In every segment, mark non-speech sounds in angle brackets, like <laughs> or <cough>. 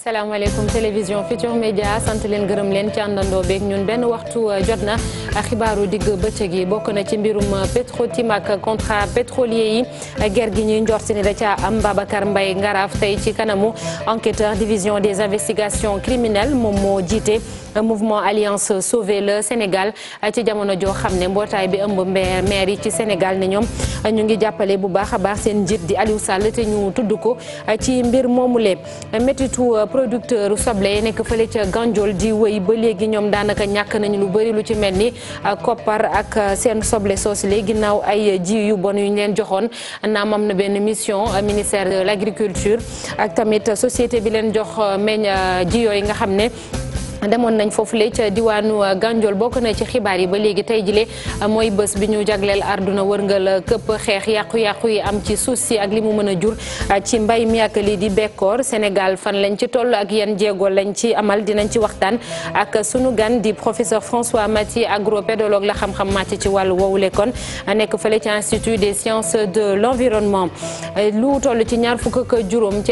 asalaamaaleykum télévision Futur Média sant leen gërëm leen ci àndandoo beeg ñun benn waxtu euh, jot na xibaaru digg bëccëg yi bokk na ci mbirum euh, Petrotim ak contrat pétrolier yi ger gi ñuy njort si ni da ca am Babacar Mbaye Ngaraaf tey ci kanamu enquêteur division des investigations criminelles moom moo jiite euh, mouvement Alliance Sauver le Sénégal ci jamono joo xam ne mbootaay bi ëmb maire yi ci Sénégal ne ñoom ñu ngi jàppale bu baax a baax seen njiit di Aliou Sall te ñu tudd ko ci mbir moomule métitu producteur soble yi nekk fële ca Gandiol di wéy ba léegi ñoom daanaka ñàkk nañu lu bëri lu ci mel ni uh, koppar ak uh, seen soble soos li ginnaaw ay ji yu bon yu ñu leen joxoon naam am na benn mission uh, ministère de l'agriculture ak tamit société bi leen jox meñ ji yooyu nga xam ne demoon nañ foofulee ca diwaanu uh, Gandiol bokk na ci xibaar yi ba léegi tey jile uh, mooy bés bi ñu jagleel àdduna wërngal uh, këpp xeex yàqu-yàqu yi am ci suuf si ak li mu mën a jur ci mbay mi ak li di bekkoor Sénégal fan lañ ci toll ak yan jéego lañ ci amal dinañ ci waxtaan ak sunu gan di professeur François Mathieu agropédologue la xam-xam màcc ci wàllu woowule kon nekk fële ci institut des sciences de l'environnement lu toll ci ñaar fukk ak juróom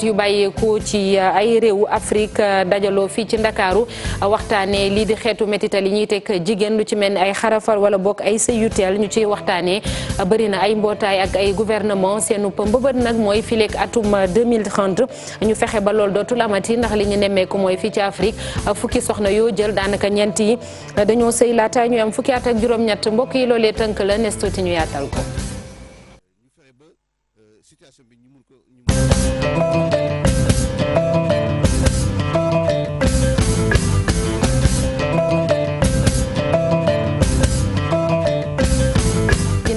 yu bàyyeekoo ci ay réewu Afrique dajaloo fii ci Ndakaaru ndakaaru waxtaanee lii di xeetu métital yi ñuy teg jigéen lu ci mel ni ay xarafal wala bokk ay sëy yu teel ñu ciy waxtaanee bëri na ay mbootaay ak ay gouvernement seenu mbëbët nag mooy fileeg atum 2030 ñu fexe ba lool dootul amati ndax li ñu nemeeku mooy fii ci Afrique fukki soxna yoo jël daanaka ñeent yi dañoo sëy laata ñu am fukki at ak juróom-ñett mbokk yi loolee tënk la nes tuuti ñu yaatal ko.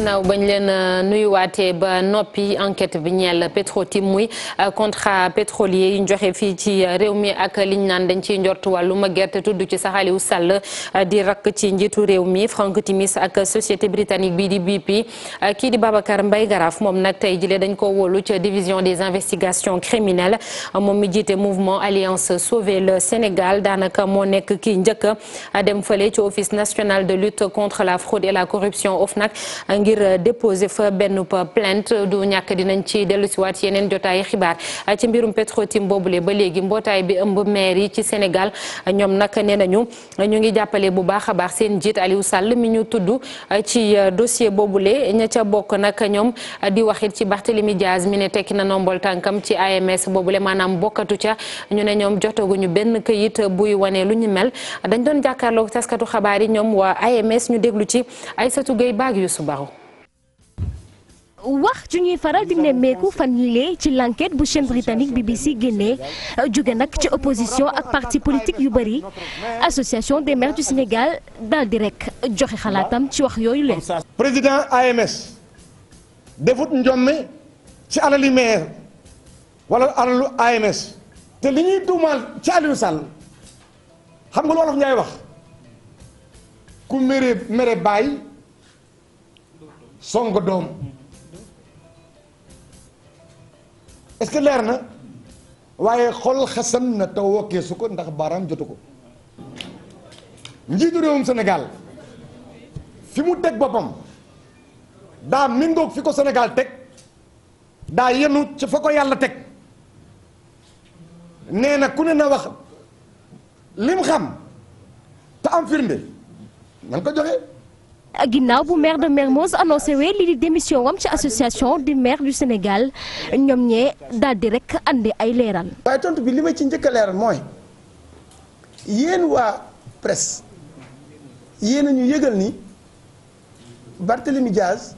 gannaaw bañ leen euh, nuyuwaatee ba noppi enquête bi ñeel Petro-Tim muy euh, contrat pétrolier yi ñu joxe fii ci euh, réew mi ak liñ naan dañ ciy njort wàllum gerte tudd ci sax Aliou Sall di rakk ci njiitu réew mi Frank Timis ak société britannique bii di BP kii di Babacar Mbaye Garaf moom nag tey jile dañ ko wóolu ca division des investigations criminelles moom mi jiite mouvement Alliance Sauver le Sénégal daanaka moo nekk kii njëkk dem fële ci office national de lutte contre la la corruption OFNAC ngir déposer fa benn plainte du ñàkk dinañ ci dellusiwaat yeneen jotaay xibaar ci mbirum Petro-Tim boobule ba léegi mbootaay bi ëmb maire yi ci Sénégal ñoom nag nee nañu ñu ngi jàppale bu baax a baax seen njiit Aliou Sall mi ñu tudd ci dossier boobule ña ca bokk nag ñoom di waxit ci Barthélémy Diaz mi ne tekki na nombol tànkam ci AMS boobule maanaam bokkatu ca ñu ne ñoom jotagu ñu benn këyit buy wane lu ñu mel dañ doon jàkkaarloo taskatu xabaar yi ñoom waa AMS ñu déglu ci Aïssatou Gueye Baag Youssou Baro wax ju ñuy faral di nemmeeku fan yi lee ci l'enquête bu chaîne britannique BBC génnee jóge nag ci opposition ak parti politique yu bari association des maires du Sénégal daal di joxe xalaatam ci wax yooyu leen président AMS defut njomme ci alali maire wala alalu AMS te li ñuy tuumaal ci Aliou Sall xam nga lu Wolof Njaay wax ku mere mere bàyyi song doom est que leer na waaye xol xasan na taw wokkeesu ko ndax baaraam jotu ko njiitu réewum Sénégal fi mu teg boppam daa mingoog fi ko Sénégal teg daa yenu ci fa ko yàlla teg nee na ku ne na wax lim xam te am firnde nan ko joxe ginnaaw bu maire de Mermoz annoncé wee lii di démission wam ci association du maire du Sénégal ñoom ñee daal di rek andi ay leeral. waaye tontu bi li ma ci njëkk leeral mooy yéen waa presse yéen a ñu yëgal ni Barthélemy Diaz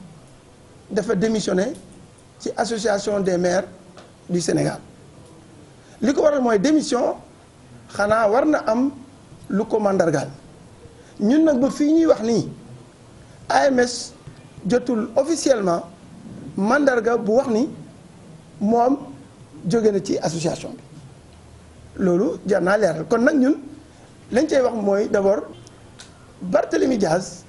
dafa démissionné ci association de maires du Sénégal li ko waral mooy démission xanaa war na am lu ko mandargaal ñun nag ba fii ñuy wax nii. AMS jotul officiellement mandarga bu wax ni moom jóge na ci association bi loolu jar naa leeral kon nag ñun lañ cay wax mooy d'abord Barthélemy Diaz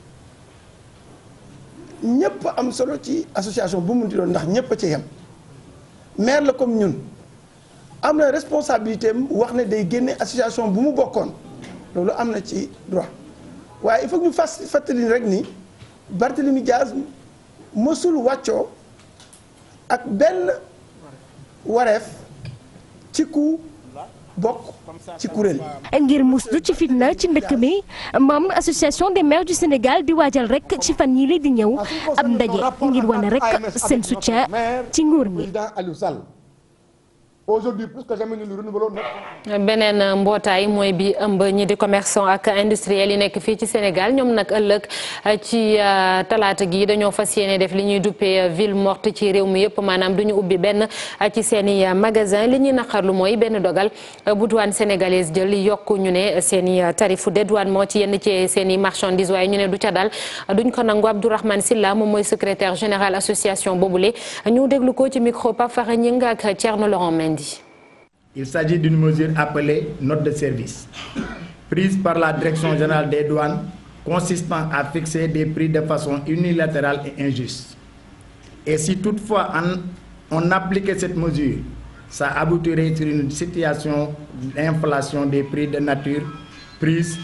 ñëpp am solo ci association bu mu munti doon ndax ñëpp a ci yem maire la comme ñun am na responsabilité wax ne day génne association bu mu bokkoon loolu am na ci droit waaye il faut ñu fas fàttali rek ni. Barthélemy Diaz mësul wàccoo ak benn wareef ci ku bokk ci kuréel ngir muslu ci fitna ci ndëkk mi moom association des maires du Sénégal di waajal rek ci fan yii la di ñëw ab ndaje ngir wane rek seen soutien ci nguur mi. aujourd'hui euh, beneen euh, mbootaay mooy bi ëmb ñi di commerçant ak industriel yi nekk fii ci Sénégal ñoom nag ëllëg euh, ci talaata gi dañoo fas yéene def li ñuy duppee ville morte ci réew mi yëpp maanaam du ñu ubbi benn ci seen magasin li ñuy naqarlu mooy benn dogal bu douane sénégalaise jël yokk ñu ne seen i tarifu dédouanement ci yenn ci seen i marchandises waaye ñu ne du ca dal duñ ko nangu Abdourahmane Silla moom mooy secrétaire général association boobule ñu déglu ko samedi. Il s'agit d'une mesure appelée note de service, prise par la Direction générale des douanes, consistant à fixer des prix de façon unilatérale et injuste. Et si toutefois on appliquait cette mesure, ça aboutirait sur une situation d'inflation des prix de nature prise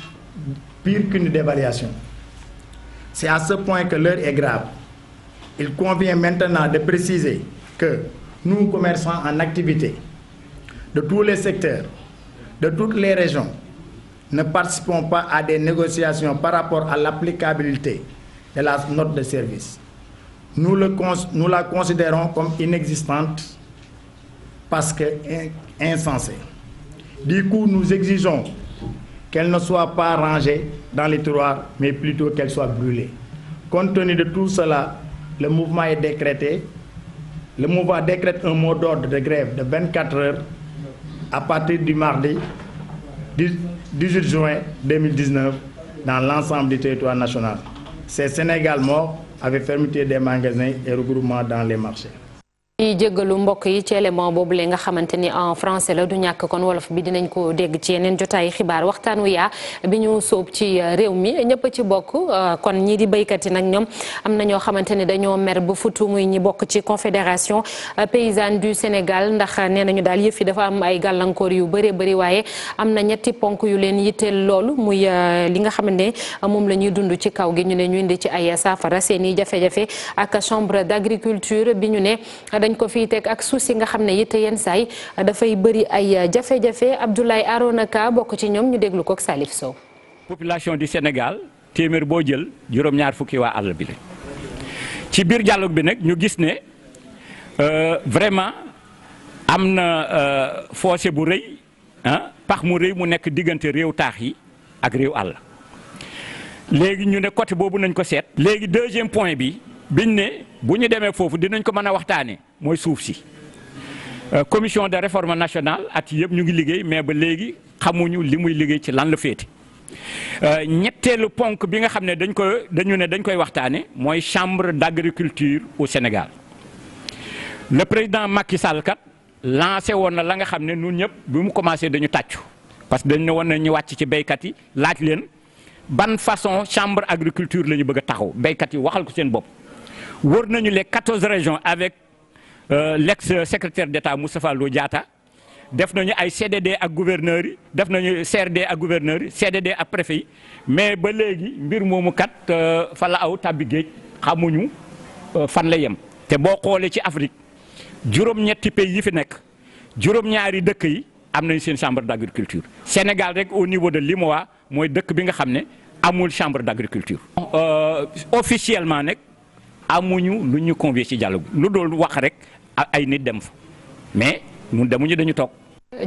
pire qu'une dévaluation. C'est à ce point que l'heure est grave. Il convient maintenant de préciser que nous, commerçants en activité de tous les secteurs, de toutes les régions, ne participons pas à des négociations par rapport à l'applicabilité de la note de service. Nous, le nous la considérons comme inexistante parce que insensée. Du coup, nous exigeons qu'elle ne soit pas rangée dans les tiroirs, mais plutôt qu'elle soit brûlée. Compte tenu de tout cela, le mouvement est décrété le mouvement décrète un mot d'ordre de grève de 24 à partir du mardi 18 juin 2019 dans l'ensemble du territoire national. C'est Sénégal mort avec fermeté des magasins et dans les marchés. di jéggalu mbokk yi ci élément boobu lee nga xamante ni en français la du ñàkk kon wolof bi dinañ ko dégg ci yeneen jotaayu xibaar waxtaan wu yaa bi ñu sóob ci euh, réew mi ñëpp ci bokk euh, kon ñii di béykat yi nag ñoom am na ñoo xamante ni dañoo mer ba futu muy ñi bokk ci confédération euh, paysanne du Sénégal ndax nee nañu daal yëf yi dafa am ay gàllankoor yu bëree bëri waaye am na ñetti ponk yu leen yitteel loolu muy li nga xamante moom la ñuy dund ci kaw gi ñu ne ñu indi ci ay saafara seen i jafe-jafe ak bi ñu ne dañ ko fiy teg ak suuf si nga xam ne it yenn saay dafay bëri ay jafe-jafe Abdoulaye Arona Ka bokk ci ñoom ñu déglu kook ak Salif Sow. population du Sénégal téeméer boo jël juróom-ñaar fukki waa àll bi la ci biir dialogue bi nag ñu gis ne euh, vraiment am na euh, fossé bu rëy ah pax mu rëy mu nekk diggante réew taax yi ak réew àll léegi ñu ne côté boobu nañ ko seet. léegi deuxième point bi. biñ ne bu ñu demee foofu dinañ ko mën a waxtaanee mooy suuf si euh, commission de réforme nationale at yëpp ñu ngi liggéey mais ba léegi xamuñu li muy liggéey ci lan la féete. Euh, ñetteelu ponk bi nga xam ne dañ ko dañu ne dañ koy waxtaanee mooy chambre d'agriculture au Sénégal le président Macky Sall kat lancé woon na la nga xam ne ñun ñëpp bi mu commencé dañu tàccu parce que dañ ne woon na ñu wàcc ci béykat yi laaj leen ban façon chambre agriculture la ñu bëgg a taxaw béykat yi waxal ko seen bopp. wër nañu les quatorze régions avec euh, l'ex-secrétaire d'État Moustapha Lo jaata def nañu ay CDD ak gouverneurs yi def nañu CRD ak gouverneurs yi CDD ak préfet yi mais ba léegi mbir moomu kat euh, fa la aw tàbbi géej xamuñu euh, fan la yem te boo xoolee ci Afrique juróom-ñetti pays yi fi nekk juróom-ñaari dëkk yi am nañ seen chambre d'agriculture Sénégal rek au niveau de l'UMOA mooy dëkk bi nga xam ne amul chambre d'agriculture officiellement nag amuñu lu ñu convié ci dialogue lu doon wax rek ay nit dem fa mais ñun demuñu dañu toog.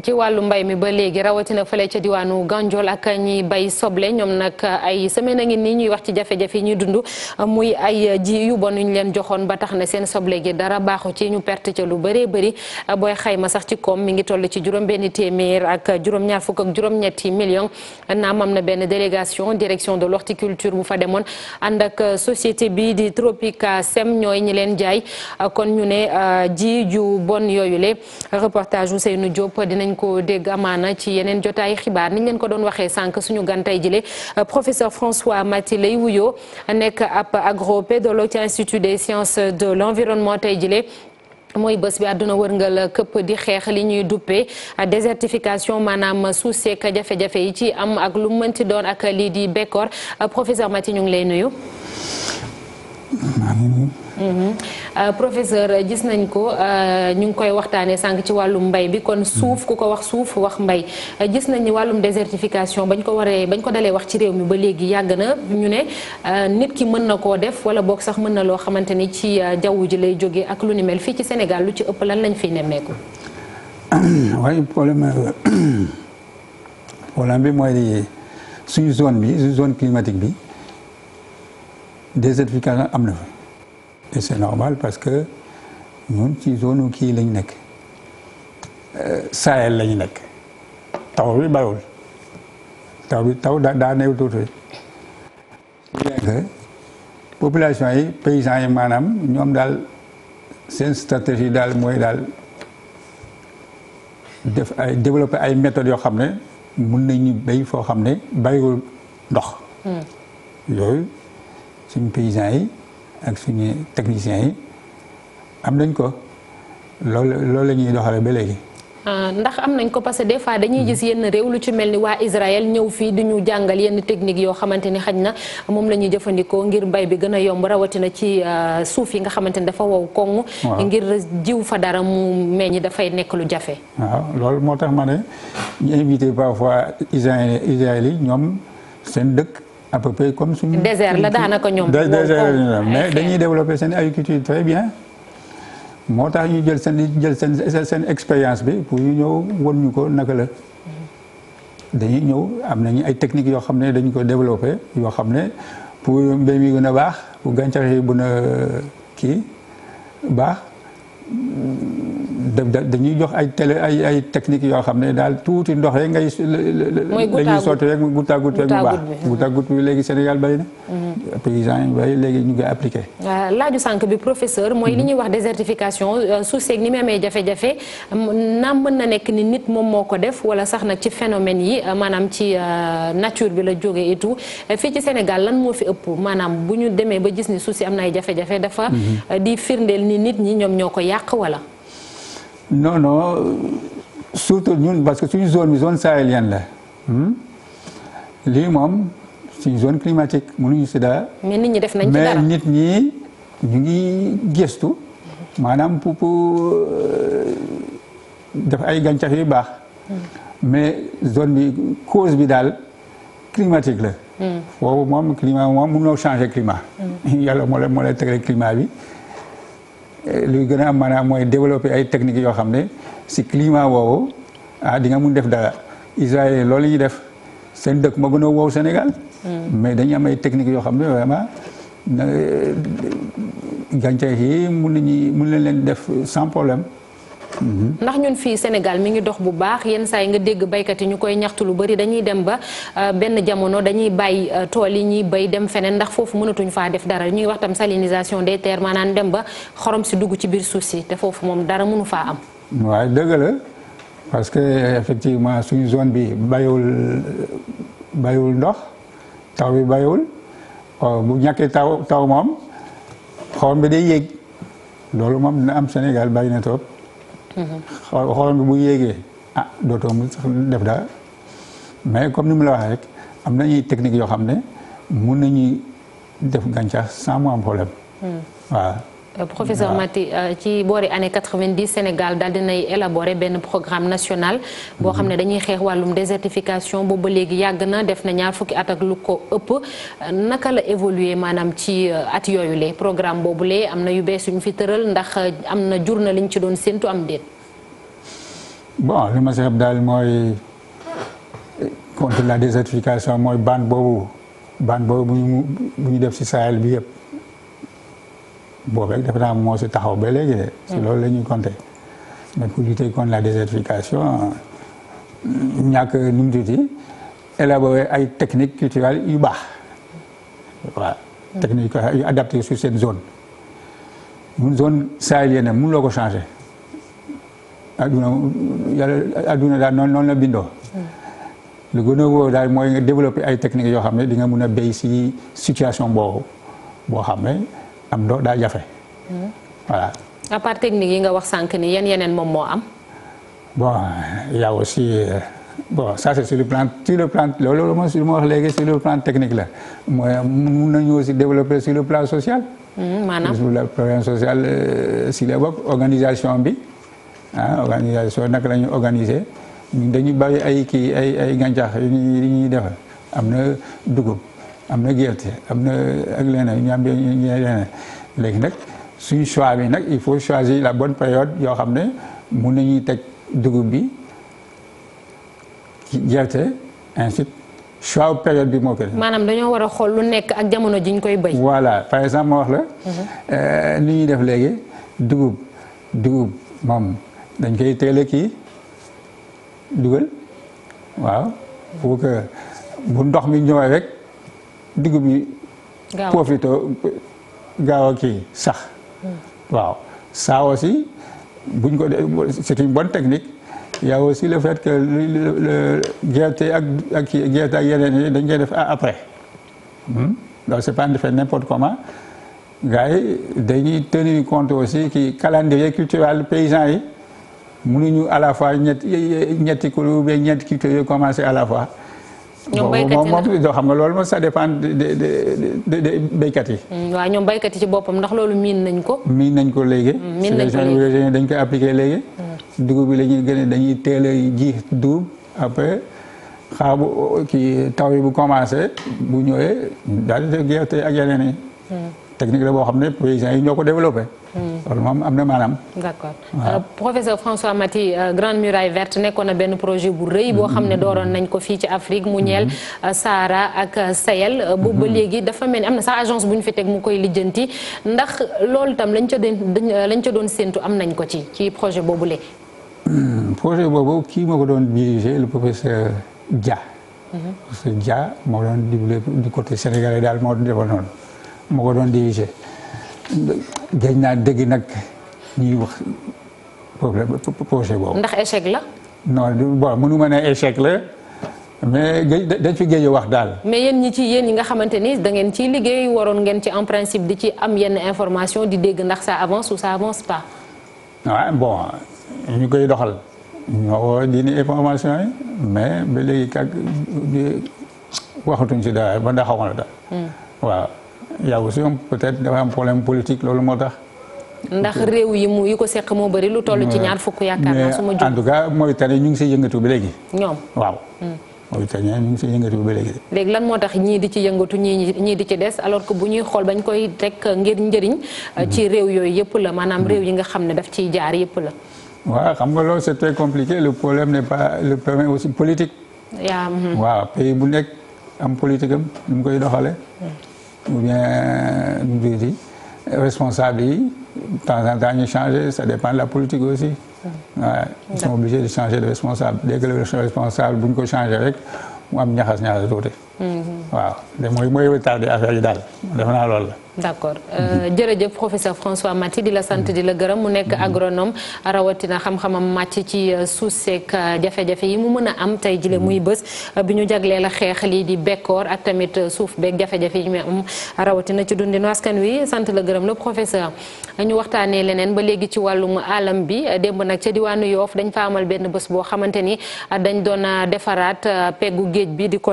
ci wàllu mbay mi ba léegi rawatina fële ca diwaanu Ganjol ak ñi bay soble ñoom nag ay semaine a ngi nii ñuy wax ci jafe-jafe yi ñuy dund muy ay ji yu bon ñu leen joxoon ba tax na seen soble gi dara baaxu ci ñu perte ca lu bëri booy xayma sax ci koom mi ngi toll ci juróom benn téeméer ak juróom-ñaar fukk ak juróom-ñetti million naam am na benn délégation direction de l'horticulture bu fa demoon ànd société bi di Tropica Sem ñooy ñi leen jaay kon ñu ne ah, ji ju bon yooyu le dinañ ko dégg amaana ci yeneen jotaay xibaar niñ leen ko doon waxee sànq suñu gantay jile euh, professeur François Maty lay wuyoo nekk ab agropédologue ci institut des sciences de l'environnement tey jile mooy bés bi àdduna wër wërngal këpp di xeex li ñuy duppe désertification maanaam suuf seek jafe-jafe yi ci am ak lu mënti doon ak lii di bekkoor euh, professeur matti ñu ngi lay nuyu Mhm. Euh, professeur euh, gis nañ ko euh, ñu ngi koy waxtaanee sànq ci wàllum mbay bi kon suuf ku ko wax suuf wax mbay gis nañ ni wàllum désertification bañ ko waree bañ ko dalee wax ci réew mi ba léegi yàgg na ñu ne nit ki mën na koo def wala boog sax mën na loo xamante ni ci jaww ji lay jógee ak lu ni mel fii ci Sénégal lu ci ëpp lan lañu fiy nemmeeku. <clears throat> waaye problème <clears throat> problème bi mooy suñu zone bi suñu zone climatique bi désertification am na fa. et c'est normal parce que ñun ci zone kii lañu nekk euh, Sahel lañu nekk taw bi bariwul taw bi taw daa daa néew tuuti population yi paysans yi maanaam ñoom daal seen stratégie daal mooy daal def ay développer ay méthodes yoo xam ne mun nañu béy foo xam ne bariwul ndox. Hmm. yooyu suñ paysans yi. ak suñu techniciens yi am nañ ko loolu loolu la ñuy doxale ba léegi. Ah, ndax am nañ ko parce que des fois dañuy gis yenn réew lu ci mel ni waa Israël ñëw fii di ñu jàngal yenn technique yoo xamante ni xaj na moom la ñuy jëfandikoo ngir mbay bi gën a yomb rawatina ci ah, suuf yi nga xamante ni dafa wow koŋŋ. ngir jiw fa dara mu ñi dafay nekk lu jafe. waaw loolu moo tax ma ne ñu invité parfois Israël yi ñoom seen dëkk. à peu près comme suñu. désert la daanaka ñoom. désert mais dañuy développer seen agriculture très bien. moo tax ñu jël seen jël seen seen expérience bi pour ñu ñëw won ñu ko naka la. dañuy ñëw am nañu ay techniques yoo xam ne dañu ko développé yoo xam ne pour mbéy mi gën a baax pour gàncax yi gën a kii baax. dañuy jox ay télé ay ay technique yoo xam ne daal tuuti ndox rek ngay. mooy la ñuy sotti rek goutte goutte rek mu baax. goutte goutte bi léegi Sénégal bari na. Mhm. paysans yi bari léegi ñu ngi appliqué. Euh, laaju sànq bi professeur. mooy li mhm. ñuy wax désertification euh, suuf seeg ni mu amee jafe-jafe naam mën na nekk ni nit moom moo ko def wala sax nag ci phénomène yi euh, maanaam ci nature bi la jógee et tout fii ci Sénégal lan moo fi ëpp maanaam bu ñu demee ba gis ni suuf si am na ay jafe-jafe dafa mhm. di firndeel ni nit ñi ñoom ñoo ko yàq wala. non non surtout ñun parce que suñu zone bi zone sahélienne la hmm? lii moom suñu zone climatique mënuñu si dara. mais nit ñi def nañ ci dara mais nit ñi ñu ngi gëstu maanaam pour pour euh, def ay gàncax yu baax. Hmm. mais zone bi cause bi daal climatique la. Hmm. foofu moom climat moom mënoo changer climat. <laughs> yàlla moo la moo la climat bi. luy gën a am maanaam mooy développer ay techniques yoo xam ne si climat woowu ah di nga mun def dara Israël loolu ñuy def seen dëkk ma gën a woow Sénégal. Hmm. mais dañu am ay techniques yoo xam ne vraiment euh, gàncax yi mun nañu mun leen leen def sans problème. ndax ñun fii Sénégal mi ngi dox bu baax yenn saa yi nga dégg baykat yi ñu koy ñaxtu lu bari dañuy dem ba euh, benn jamono dañuy bàyyi euh, tool yi ñuy bay dem feneen ndax foofu mënatuñu faa def dara ñuy wax tam salinisation des terres maanaam dem ba xorom si dugg ci biir suuf si te foofu moom dara mënu faa am. waaw dëgg la parce que effectivement suñu zone bi bayul bayul ndox taw bi bayul oh, bu ñàkkee taw taw moom xorom bi day yéeg loolu moom dina am Sénégal bàyyi na trop. xool xolam bi mu yéegee ah dootoo mu def daal mais comme ni mu la waxee rek am nañuy technique yoo xam ne mun nañuy def gàncax sans mu am problème hmm. professeur Maty euh, ci boori anne année 90 Sénégal daal dinay élaboré benn programme national boo xam ne mhm. dañuy xeex wàllum désertification boobu ba léegi yàgg na def na ñaar fukki at ak lu ko ëpp naka la évolué maanaam ci euh, at yooyu le programme boobu lee am na yu bees yuñ fi tëral ndax euh, am na jur na liñ ci doon séntu am déet bon li ma si xam daal mooy contre la désertification mooy ban boobu ban boobu bu ñu def si Sahel bi yëpp boobel defe naa moo si taxaw ba léegi de. si hmm. loolu la ñuy compter mais pour lutter contre la désertification ñàkk nu mu tuuti ay techniques culturelles yu baax waaw. Hmm. technique yu adapté sur seen zone mun zone sahélienne mun loo ko changé adduna yàlla adduna daal noon noonu la bindoo. Hmm. lu gën a wóor daal mooy nga développer ay techniques yoo xam ne di nga mun a béy si situation boobu boo xam am ndox daa jafe. Hmm. voilà. à part technique yi nga wax sànq ni yan yeneen moom moo am. bon y si aussi bon ça c'est sur le plan sur le plan loolu mooy li ma wax léegi sur le plan technique la mooy mun na ñu aussi développer sur le plan social. Hmm, maanaam sur le plan social euh, si la bopp organisation bi ah organisation naka la ñu organiser dañu bari ay kii ay ay gàncax yu ñuy yu ñuy defar am na dugub. am na gerte am na ak leneen ñaambe ñe leneen léegi nag suñu choix bi nag il faut choisir la bonne période yoo xam ne mun nañuy teg dugub bi gerte ainsi choix période bi moo koy. maanaam dañoo war a xool lu nekk ak jamono jiñ koy béy. voilà par exemple ma wax la. Mhm. Euh, ni ñuy def léegi dugub dugub moom dañ koy teel ki kii dugal waaw pour que bu ndox mi ñëwee rek. dugub bi. gaaw profité a kii sax. Hmm. waaw ça aussi buñ ko de c'est une bonne technique. y a aussi le fait que le gerte ak ak gerte ak yeneen yi dañ koy def après. Hmm? donc c'est pas de faire n'importe comment gars yi dañuy tenir compte aussi ci calendrier culturel paysan yi mënuñu à la fois ñetti ñetti kuréel ou bien ñetti culture yooyu commencé à la fois. ñoom béykat yi moom xam nga loolu moom ça dépend de de de de béykat yi. Mm, waaw ñoom béykat yi ci boppam ndax loolu miin nañ ko. miin nañ ko léegi. Mm, miin dañ koy appliqué léegi. Mm. dugub yi la ñuy gën a dañuy teel a ji dugub après xaar bu kii taw yi bu commencé bu ñëwee daal di gerte ak yeneen yi. technique la boo xam ne paysans yi ñoo ko développé. Hmm. am na maanaam. d'accord professeur François Maty euh, Grande Muraille vert nekkoon a benn projet bu rëy boo xam ne hmm. dooroon nañ ko fii ci Afrique mu ñeel hmm. euh, Sahara ak euh, Sahel. boobu ba léegi dafa mel ni am na sax agence bu ñu fi teg mu koy lijjanti ndax loolu tam lañ ca doon lañ ca doon séntu am nañ ko ci ci projet boobu boobule. projet boobu kii moo ko doon dirigé le professeur Dia. professeur Dia moo doon développé du côté sénégalais daal moo doon defal moo ko doon dirigé géej naa dégg nag ñuy wax problème projet boobu. ndax échec la. non bon mënu ma na échec la mais géej dañ fi géej wax daal. mais yéen ñi ci yéen ñi nga xamante ni da ngeen ciy liggéey waroon ngeen ci en principe di ci am yenn information di dégg ndax sa avance ou ça avance pas. ah bon ñu koy doxal. ñoo woo information yi mais ba léegi kàgg waxatuñ ci dara ba ndax xamoon daal. Hmm. waaw. y a aussi peut-être dafa am problème politique loolu moo tax. ndax réew yi mu yi ko seq moo bëri lu toll ci ñaar fukk yaakaar naa su ma jóg. en tout cas Mauritanie ñu ngi siy yëngatu ba léegi. waaw. Hmm. Mauritanie ñu ngi siy yëngatu ba léegi. lan moo tax ñii di ci yëngatu ñii ñii di ci des alors que bu ñuy xool bañ koy teg ngir njëriñ. Hmm. ci réew yooyu yëpp la maanaam hmm. réew yi nga xam ne daf ciy jaar yëpp la. waaw xam nga loolu c'est très compliqué le problème ne pas le problème aussi politique. waaw pays bu nekk am politique am koy doxalee. ou bien nu mu tuddati responsable yi de temps en temps ñu changé ça de la politique aussi. waaw ils sont obligés de changer de responsable dès que le responsable bu ñu ko changé rek mu am ñaxas ñaxas tuuti. waaw mooy mooy tardé affaire yi daal defe naa la. d' accord euh, jërëjëf professeur François Maty di la sant di la gërëm mu nekk agronome rawatina xam-xamam màcc ci euh, suuf seeg euh, jafe-jafe yi mu mën a am tey jile muy bés bi ñu jagleel a xeex lii di bekkoor ak tamit suuf beeg jafe-jafe yi mu am rawatina ci dundinu askan wi sant la gërëm la professeur ñu waxtaanee leneen ba léegi ci wàllum alam bi démb nag ca diwaanu Yoof dañ fa amal benn bés boo xamante ni dañ doon defaraat peggu géej bi di ko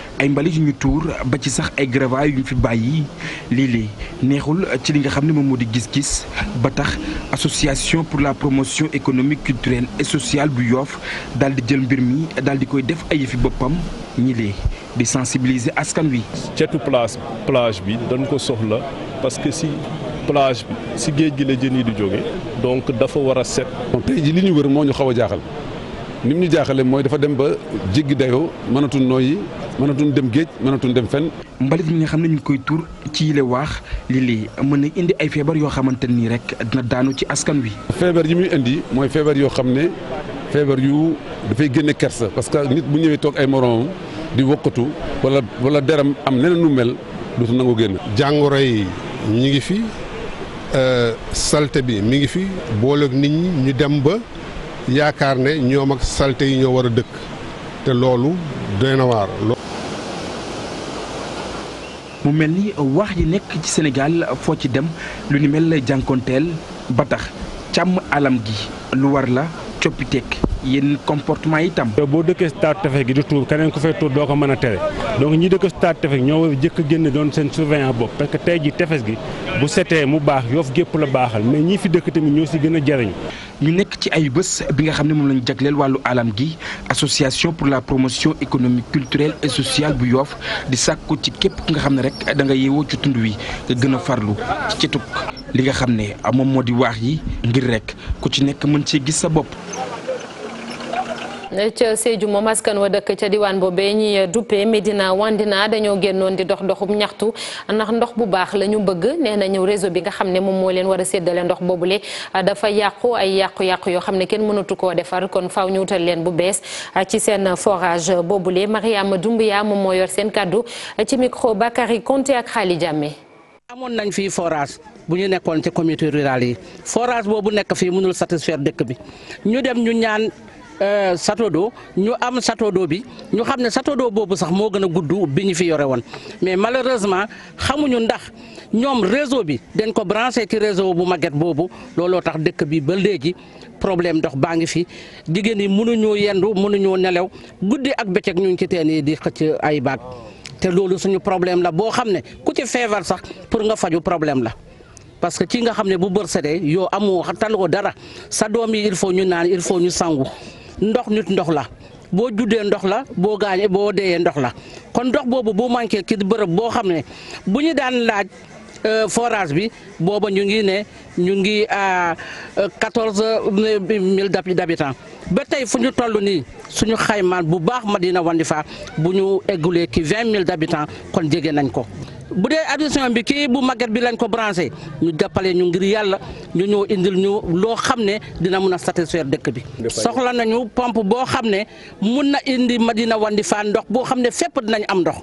ay mbalit yu ñu tuur ba ci sax ay gravats yu ñu fi bàyyi lii lii neexul ci li nga xam ne moom moo di gis-gis ba tax association pour la promotion économique culturelle et social bu yoof daal di jël mbir mi daal di koy def ay fi boppam ñi lee di sensibiliser askan wi. cetu place plage bi dañ ko soxla parce que si plage bi si géej gi la jën yi di jóge donc dafa war a set. tey li ñu wër moo ñu xaw a jaaxal. lim ñu jaaxale mooy dafa dem ba jéggi dayo mënatuñ nooyi mënatuñ dem géej mënatuñ dem fen mbalit mi nga xam ne ñu ngi koy tur ci yile waax lii lii mën na indi ay feebar yoo xamante nii rek dina daanu ci askan wi. feebar yi muy indi mooy feebar yoo xam ne feebar yu dafay génne kersa parce que nit bu ñëwee toog ay moroomam di wokkatu wala wala deram am neneen nu mel dootu nangu génn. jàngoro yi ñu ngi fi euh, salte bi mi ngi fi boole nit ñu dem ba. yaakaar ne ñoom ak salte yi ñoo war a dëkk te loolu doy na mu mel ni wax yi nekk ci senegal foo ci dem lu ni mel lay jànkonteel ba tax càmm alam gi lu war la coppiteek yéen comportement itam boo dëkkee stade Tefes gi di tuur keneen ku fay tuur doo ko mën a tere donc ñi dëkk stade Tefes ñoo war jëkk génn doon seen surveillant bopp parce que tey ji Tefes gi bu setee mu baax yoof gépp la baaxal mais ñi fi dëkk tamit ñoo si gën a jariñ ñu nekk ci ay bés bi nga xam ne moom lañu jagleel wàllu alam gi association pour la promotion économique culturelle et social bu yoof di sàkku ci képp ki nga xam ne rek da nga yeewoo tund wi gën a farlu ci li nga xam ne moom moo di waax yi ngir rek ku ci nekk mën cee gis sa bopp ca Sédhiou moom askan wa dëkk ca diwaan boobee ñi eh, duppee Médina Wandina dañoo génnoon di dox doxum ñaxtu ndax ndox bu baax la ñu bëgg nee ñëw réseau bi nga xam ne moom moo leen war a séddale ndox boobule eh, dafa yàqu ay yàqu-yàqu yoo xam ne kenn mënatu koo defar kon faaw ñu wutal leen bu bees eh, ci seen forage boobu lee boobule Mariama Doumbia moom moo yor seen kàddu ci micro Bakary Konté ak Khali Diamé amoon nañ fii forage bu ñu nekkoon ci commuté rural yi forage boobu nekk fii mënul satisfaire dëkk bi ñu dem ñu ñaan Euh, château d'eau ñu am château d'eau bi ñu xam ne château d'eau boobu sax moo gën a gudd bi ñu fi yore woon mais malheureusement xamuñu ndax ñoom réseau bi dañ ko branché ci réseau bu màgget boobu looloo tax dëkk bi ba léegi problème ndox baa ngi fi jigéen yi mënuñoo yendu mënuñoo nelaw guddi ak bëccëg ñu ngi ci teen yi di xëcc ay baag te loolu suñu problème la boo xam ne ku ci feebar sax pour nga faju problème la. parce que ci nga xam ne bu bër setee yow amoo taloo dara sa doom yi il faut ñu naan il faut ñu sangu ndox nit ndox la boo juddee ndox la boo gaañee boo deeyee ndox la kon ndox boobu bu manqué ci bërëb boo xam ne bu ñu daan laaj euh, forage bi booba ñu ngi ne ñu ngi à euh, quatorze mille d'habitants ba tey fu ñu toll nii suñu xaymaan bu baax Madina fa bu ñu eggulee ki vingt mille d'habitants kon jege nañ ko. bu dee addition bi kii bu màgget bi lañ ko branché ñu jàppale ñu ngir yàlla ñu ñëw indil ñu loo xam ne dina mun a satisfaire dëkk bi soxla nañu pompe boo xam ne mun na indi Madina Wandifa ndox boo xam ne fépp dinañ am ndox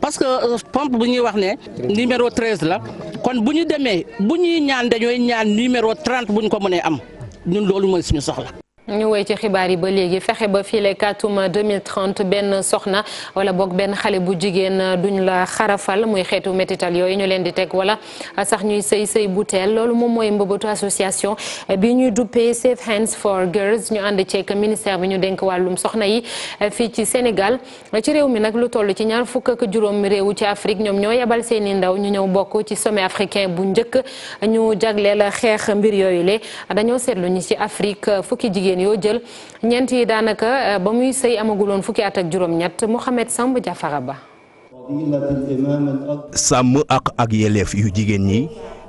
parce que euh, pompe bu ñuy wax ne numéro 13 la kon bu ñu demee bu ñuy ñaan dañooy ñaan numéro 30 bu ñu ko mënee am ñun loolu mooy suñu soxla ñu woy ci xibaar yi ba léegi fexe ba fii lay kàttuma 2030 benn soxna wala boog benn xale bu jigéen duñ la xarafal muy xeetu métital yooyu ñu leen di teg wala sax ñuy sëy sëy bu loolu moom mooy mbëbëtu association bi ñuy duppee Safe Hands for Girls ñu ànd cek ministère bi ñu denk wàllum soxna yi fii ci Sénégal ci réew mi nag lu toll ci ñaar fukk ak juróom réew ci Afrique ñoom ñoo yebal seeni ndaw ñu ñëw bokk ci sommet africain bu njëkk ñu jagleel xeex mbir yooyu le dañoo seetlu ñi ci fukki jigéen jigéen yoo jël ñeent yi daanaka euh, ba muy sëy amaguloon fukki at ak juróom-ñett Mouhamed Samb Jafara Ba. sàmm ak ak yelleef yu jigéen ñi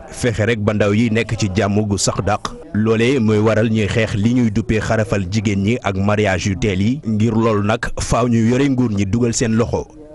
fexe rek ba ndaw yi nekk ci jàmm gu sax dàq loole mooy waral ñuy xeex li ñuy duppee xarafal jigéen ñi ak mariage yu teel yi ngir loolu nag faaw ñu yore nguur ñi dugal seen loxo.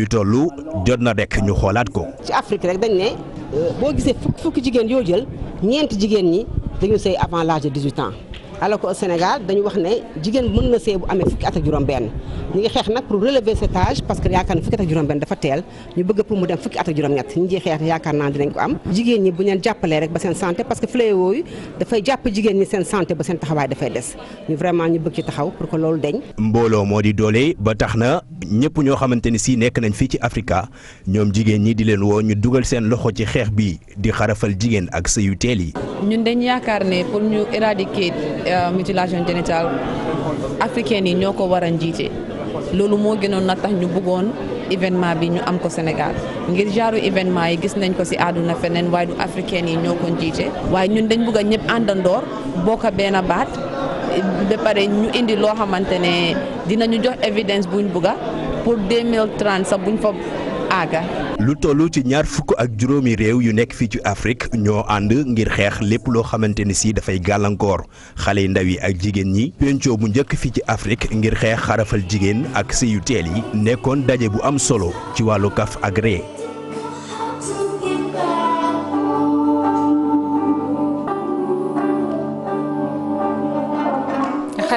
bi toll jot na rek ñu xoolaat ko. ci Afrique rek dañ ne euh, boo gisee fukk fukki jigéen yoo jël ñeent jigéen ñi dañu sëy avant l'âge de 18 ans. alors qu'au Sénégal dañu wax ne jigéen mën na sëy bu amee fukki at juróom-benn ñu ngi xeex nag pour relever cet parce que yaakaar na fukki at ak juróom-benn dafa teel ñu bëgg pour mu dem fukki at ak juróom-ñett ñu ngi xeex yaakaar naa dinañ ko am jigéen ñi bu ñu jàppalee rek ba seen santé parce que fléau yi dafay jàpp jigéen ñi seen santé ba seen taxawaay dafay des ñu vraiment ñu bëgg ci taxaw pour que loolu deñ mbooloo moo di doole ba tax na ñëpp ñoo xamante ni si nekk nañ fii ci Africa ñoom jigéen ñi di leen woo ñu dugal seen loxo ci xeex bi di xarafal jigéen ak sëyu teel yi ñun Euh, mutilation génitale africaine yi ñoo ko war a njiite loolu moo gënoon na tax ñu buggoon événement bi ñu am ko Sénégal ngir genre événement yi gis nañ ko ci àdduna feneen waaye du africaine yi ñoo ko njiite waaye ñun dañ bëgg a ñëpp àndandoor bokk benn baat ba pare ñu indi loo xamante ne dinañu jox évidence buñ bëgg a pour 2030 sax buñ fa àgga. lu toll ci ñaar fukk ak juróomi réew yu nekk fii ci Afrique ñoo ànd ngir xeex lépp loo xamante ni si dafay gàllankoor xale ndaw yi ak jigéen ñi pencoo bu njëkk fii ci Afrique ngir xeex xarafal jigéen ak sëyu teel yi nekkoon daje bu am solo ci wàllu kaf ak ree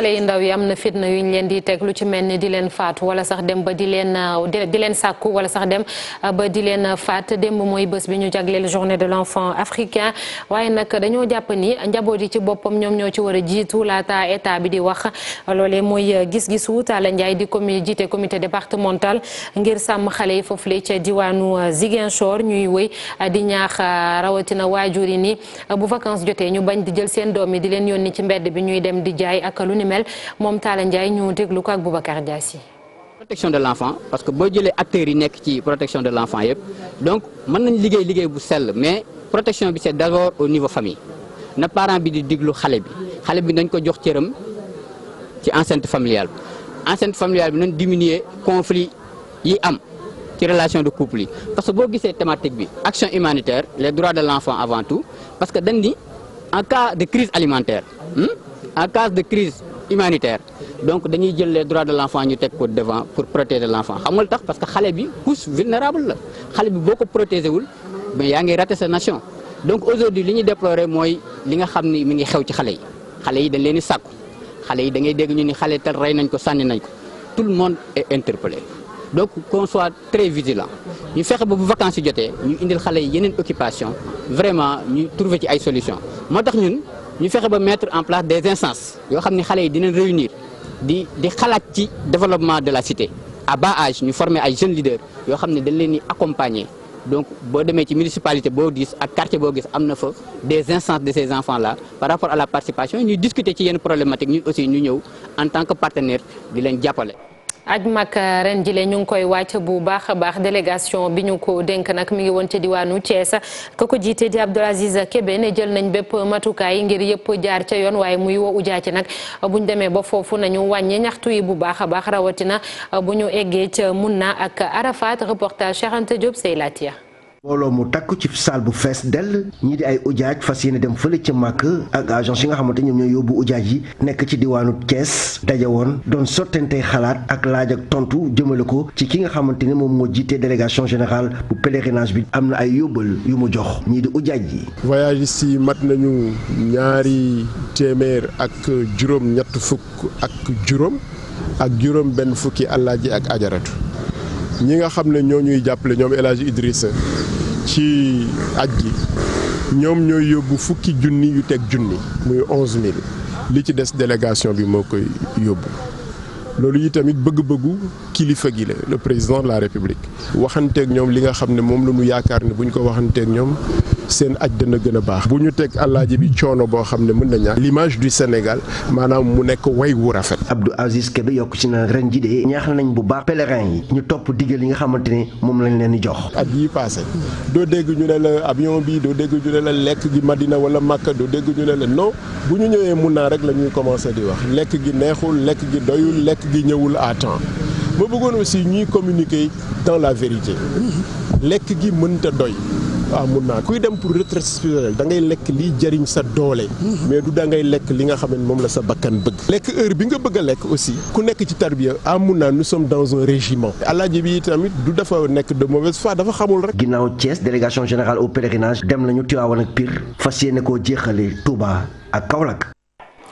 xale yu ndaw yi am na yu ñu leen di teg ci mel ni di leen faatu wala sax dem ba di leen euh, di leen sàkku wala sax dem euh, ba di leen euh, faat démb mooy bés bi ñu jagleel journée de l'enfant africain waaye nag dañoo jàpp ni njaboot yi ci boppam ñoom ñoo ci war a jiitu laata état bi di wax loole mooy gis-gisu Talla Ndiaye di commité jiite comité départemental ngir sàmm xale yi foofule ca diwaanu Ziguinchor ñuy woy di ñaax rawatina waajur yi ni bu vacances jotee ñu bañ di jël seen doom yi di leen yónni ci mbedd bi ñuy dem di jaay ak lu ni mel moom Talla Ndiaye ñu déglu ko ak Boubacar protection de l' enfant parce que boo jëlee acteurs yi nekk ci protection de l' enfant yëpp donc mën nañ liggéey liggéey bu sell mais protection bi c' est d' abord au niveau famille na parent bi di diglu xale bi xale bi nañ ko jox cëram ci enceinte familiale bi enceinte familiale bi nañ diminuer conflit yi am. ci relation de couple yi parce que boo gisee thématique bi action humanitaire les droits de l' enfant avant parce que dañ ni en cas de alimentaire hmm, humanitaire donc dañuy jël les de l' ñu teg ko devant pour protéger l' enfant xamul tax parce que xale bi couche vulnérable la xale bi boo ko protéger mais yaa ngi raté sa nation donc aujourd'hui li ñu déploré mooy li nga xam ni mi ngi xew ci xale yi xale yi dañ da ngay dégg ñu ni xale tel rey nañ ko sànni nañ ko tout le monde est interpellé donc qu'on soit très vigilant ñu fexe ba bu vacances jotee ñu indil xale yi yeneen occupation vraiment ñu fexe ba mettre en place des instances yoo xam ni xale yi dinañ réunir di di xalaat ci développement de la cité à bas âge ñu former ay jeunes leaders yoo xam ne dañ leen di accompagner donc boo demee ci municipalité boo gis ak quartier boo gis am na fa des instances de ces enfants là par rapport à la participation ñuy discuter ci yenn problématique ñun aussi ñu ñëw en tant que partenaire di leen jàppale. aj mag ren jile ñu ngi koy wàcc bu baax a baax délégation bi ñu ko dénk nag mu ngi woon ci diwaanu Thiès ka ko jiite di Abdou Aziz Kébé ne jël nañ bépp matukaay ngir yëpp jaar ca yoon waaye muy wo ujaa ci nag ñu demee ba foofu nañu wàññee ñaxtu yi bu baax a baax rawatina bu ñu eggee ca mun na ak Arafat reportage Cheikh Anta Diop Seylatia mbooloo mu takk ci saal bu fees dell ñii di ay ujaaj fas yéene dem fële ci màkk ak agence yi nga xamante ñoom ñooy yóbbu ujaaj yi nekk ci diwaanu Thiès daje woon doon sottentey xalaat ak laaj ak tontu jëmale ko ci ki nga xamante ne moom moo jiite délégation générale bu pèlerinage bi am na ay yóbbal yu mu jox ñii di ujaaj yi voyagistes si mat nañu ñaari téeméer ak juróom ñett fukk ak juróom ak juróom benn fukki alaaji ak ajaratu ñi nga xam ne ñoo ñuy jàppale ñoom El Hadj ci aj gi ñoom ñooy yóbbu fukki junni yu teg junni muy onze mille li ci des délégation bi moo koy yóbbu loolu yi tamit bëgg-bëggu kilifa gi la le président de la république waxanteeg ñoom li nga xam ne moom la mu yaakaar ne bu ñu ko waxanteeg ñoom seen aj dana gën a baax bu ñu teg alaaji bi coono boo xam ne mën na ñaax l'image du Sénégal maanaam mu nekk way wu rafet Abdou Aziz Kébé yokk ci naa ren ji de ñaax nañ bu baax pèlerin yi ñu topp digal yi nga xamante ne moom lañ leen di jox at yi passé doo dégg ñu ne la avion bi doo dégg ñu ne la lekk gi Madina wala Makka doo dégg ñu ne la non bu ñu ñëwee mun naa rek la ñuy commencé di wax lekk gi neexul lekk gi doyul lekk gi ñëwul à temps ma bëggoon aussi ñuy communiquer dans la vérité lekk gi mënta doy ah mun kuy dem pour retraite spirituelle da lekk liy jëriñ sa doole. mais du da ngay lekk li nga xam ne moom la sa bakkan bëgg. lekk heure bi nga bëgg a lekk aussi ku nekk ci tarbiya ah mun naa nous sommes dans un régiment. alaaji bi tamit du dafa nekk de mauvaise foi dafa xamul rek. ginnaaw Thiès délégation général au pèlerinage dem nañu Tivaouane ak Pire fas yéene koo jeexale Touba ak Kaolack.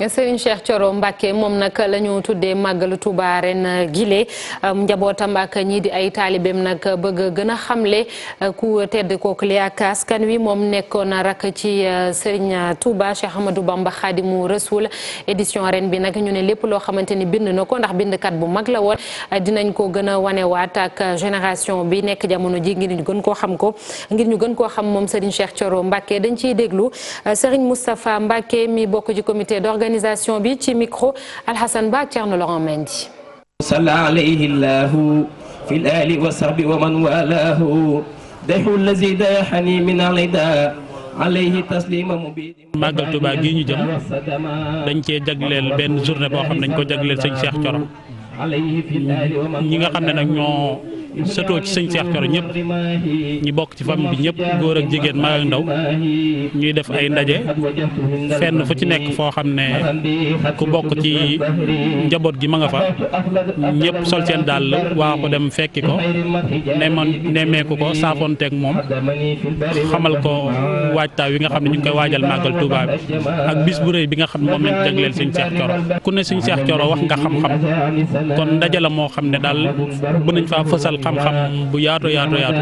Serigne Cheikh Thioro Mbacke moom nag la ñu tuddee màggalu Touba ren euh, gile euh, njabootam ak ñii di ay taalibeem nag bëgg gën a xamle euh, ku tedd kooku li ak askan wi moom nekkoon rak ci Serigne Touba Cheikh Ahmadou Bamba Khadimou Rasoul édition ren bi nag ñu ne lépp loo xamante ni bind na ko ndax bindkat bu mag la woon dinañ ko gën a wanewaat ak génération bi nekk jamono ji ngir ñu gën koo xam ko ngir ñu gën koo xam moom Serigne Cheikh coro Mbacke dañ ciy déglu Serigne Moustapha organisation bi ci micro Alhassane Ba ak Thierno Laurent Mendy. salla alayhi llahu fi l ali wa sahbi wa man walahu dayhu lazi dayahani min alida alayhi taslima mubin màggal Tuubaa gi ñu jëm dañ cee jagleel benn journée boo xam ne dañ ko jagleel sëñ Cheikh Thioro ñi nga xam ne nag ñoo. sëtoo ci sëñ Cheikh Thioro ñëpp ñi bokk ci famille bi ñëpp góor ak jigéen mag ak ndaw ñuy def ay ndaje fenn fu ci nekk foo xam ne ku bokk ci njaboot gi ma nga fa ñëpp sol seen dàll waa ko dem fekki ko nemoon nemmeeku ko saafoonteeg moom xamal ko waajtaay wi nga xam ne ñu ngi koy waajal bu rëy bi nga xam ne moom sëñ Cheikh Thioro ku wax nga xam-xam kon ndaje la moo xam ne daal bu nañ faa fësal xam-xam bu yaato yaato yaatu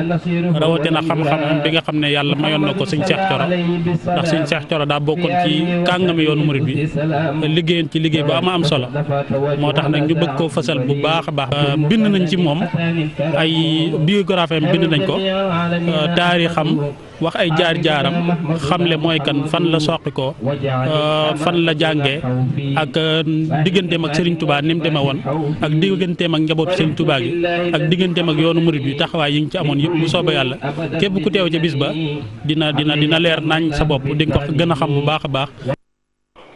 rawatina xam-xam bi nga xam ne yàlla mayoon na ko sëñ Seex Coro ndax sëñ Seex Coro daa bokkoon ci kàngami yoonu murit bi liggéeyoon ci liggéey bu ama am solo moo tax nag ñu bëgg koo fasal bu baax a baax bind nañ ci moom ay biographie am bind nañ ko taarixam wax ay jaar jaaram xamle mooy kan fan la soqi ko euh, fan la jàngee ak euh, digganteem ak Serigne Touba ni mu demee woon ak digganteem ak njaboot Serigne Touba gi ak digganteem ak yoonu murid yi taxawaay yi nga ci amoon yëpp bu soobee yàlla képp ku teew ca bis ba dina dina dina leer nañ sa bopp dinga ko gën a xam bu baax a baax.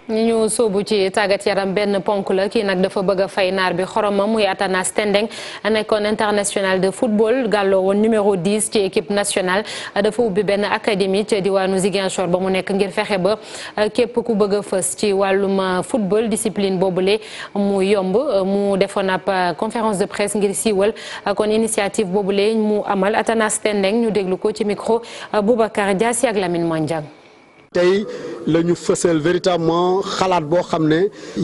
ñu soobu ci tàggat yaram benn ponk la kii nag dafa bëgg fay naar bi xoromam muy Atanas Tendeng nekkoon international de football gàlloo woon numéro 10 ci équipe nationale dafa ubbi benn académie ci diwaanu Ziguinchor ba mu nekk ngir fexe ba képp ku bëgg a fës ci wàllum euh, football discipline boobule mu yomb mu defoon ab euh, conférence de presse ngir siiwal euh, kon initiative boobule mu amal Atanas Tendeng ñu déglu ko ci micro Boubacar Diassi ak Lamine Mandiang tey lañu ñu fësal véritablement xalaat boo xam ne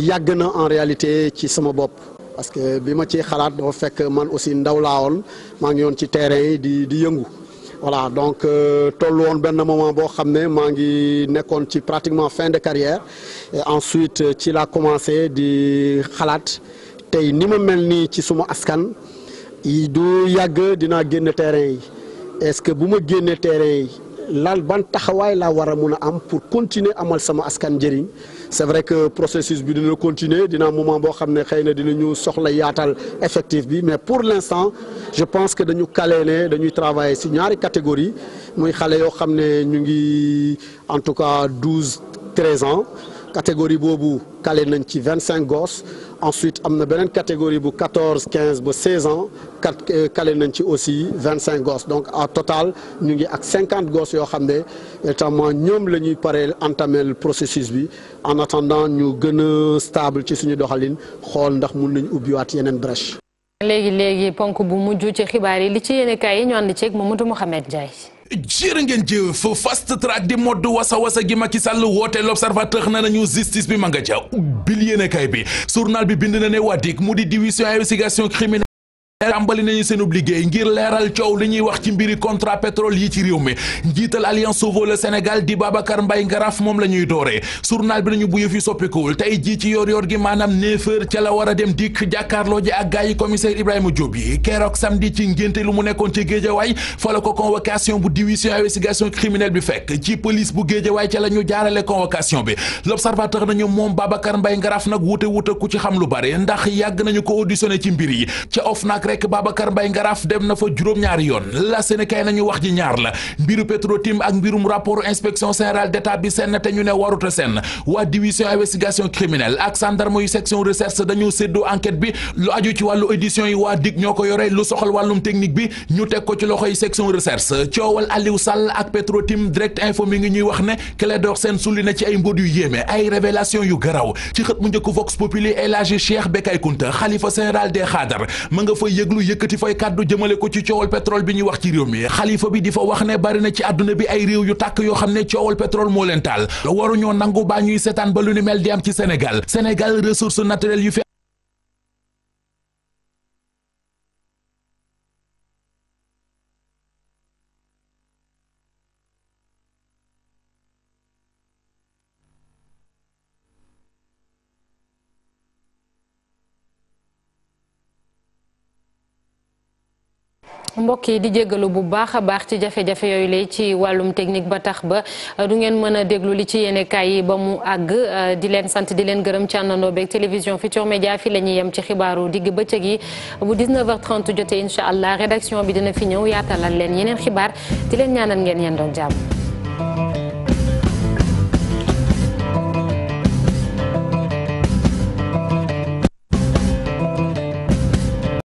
yàgg na en réalité ci sama bopp parce que bi ma ci xalaat dafa fekk man aussi ndaw laa woon maa ngi yoon ci terrain yi di di yëngu voilà donc euh, tollu woon benn moment boo xam ne maa ngi nekkoon ci pratiquement fin de carrière et ensuite euh, ci laa commencé di xalaat tey ni ma mel nii ci suma askan yi du yàgg dinaa génn terrain yi est-ce que bu ma génnee terrain yi laal ban taxawaay laa war a mun a am pour continuer amal sama askan njëriñ c'est vrai que processus bi dina continuer dina moment boo xam ne xëy na dinañu soxla yaatal effectif bi mais pour l'instant je pense que dañu caler ne dañuy travailler ci ñaari catégorie muy xale yoo xam ne ñu ngi en tout cas douze treize ans catégorie boobu caler nañ ci vingt cinq gosses ensuite am na beneen catégorie bu 14 15 ba 16 ans kat euh, nañ ci aussi 25 gosses donc en total ñu ngi ak 50 gosses yoo xam ne notamment ñoom la ñuy paree entamel processus bi en attendant ñu gën a stable ci suñu doxalin xool ndax mun nañ ubbiwaat yeneen brèche. léegi léegi ponk bu mujj ci xibaar yi li ci yéene kaay yi ñu ànd ceeg Mamadou Mouhamed Ndiaye. jërë ngeen jëf fast track di modd wasa wasa gi Macky Sall woote l'observateur na nañu justice bi ma nga ca ubbil yéenekaay bi journal bi bind na ne waa mu di division investigation criminelle tàmbali nañu seenub liggéey ngir leeral coow li ñuy wax ci mbiri contrat pétrole yi ci réew mi njiital alliance Sauvo le Sénégal di Babacar mbay Ngaraf moom la ñuy dooree journal bi nañu bu yëf yi soppikuwul tey jii ci yor yor gi maanaam neuf heures ca la war a dem dikk jàkkaarloo ji ak gaay yi commissaire Ibrahima Diop yi keroog samedi ci ngénte lu mu nekkoon ci Géejawaay fa la ko convocation bu division investigation criminelle bi fekk ci police bu Géejawaay ca la ñu jaarale convocation bi l'observateur nañu moom Babacar Mbaye Ngaraf nag wute wute ku ci xam lu bare ndax yàgg nañu ko auditionné ci mbir yi fekk Babacar Mbaye Ngaraaf dem na fa juróom-ñaari yoon la Sénégal nañu wax ji ñaar la mbiru Petrotim ak mbirum rapport inspection générale d'état bi senn te ñu ne waruta senn waa division investigation criminelle ak gendarme yu section recherche dañu séddoo enquête bi lu aju ci wàllu édition yi waa dig ñoo ko yore lu soxal wàllum technique bi ñu teg ko ci loxoy section recherche coowal Aliou Sall ak Petrotim direct info mi ngi ñuy wax ne Clédor Sène sulli na ci ay mbóot yu yéeme ay révélation yu garaw ci xët mu njëkk Vox Populi El Hadji Cheikh nu yëkkati fay kàddu jëmale ko ci coowal pétrole bi ñuy wax ci réew mi xalifa bi di fa wax ne bari na ci àdduna bi ay réew yu tàkk yoo xam ne coowal pétrole moo leen taal waruñoo nangu baa ñuy seetaan ba lu ni mel di am ci Sénégal Sénégal ressources naturelles yu fi mbokk yi di jéggalu bu baax a baax ci jafe-jafe yooyu lay ci wàllum technique ba tax ba du ngeen mën a déglu li ci yéenekaay yi ba mu àgg euh, di leen sant di leen gërëm ci àndandoo beeg télévision Futurs Médias fi la ñuy yem ci xibaaru digg bëccëg yi bu 19h30 jotee incha allah rédaction bi dina fi ñëw yaatalal leen yeneen xibaar di leen ñaanal ngeen doon jàmm.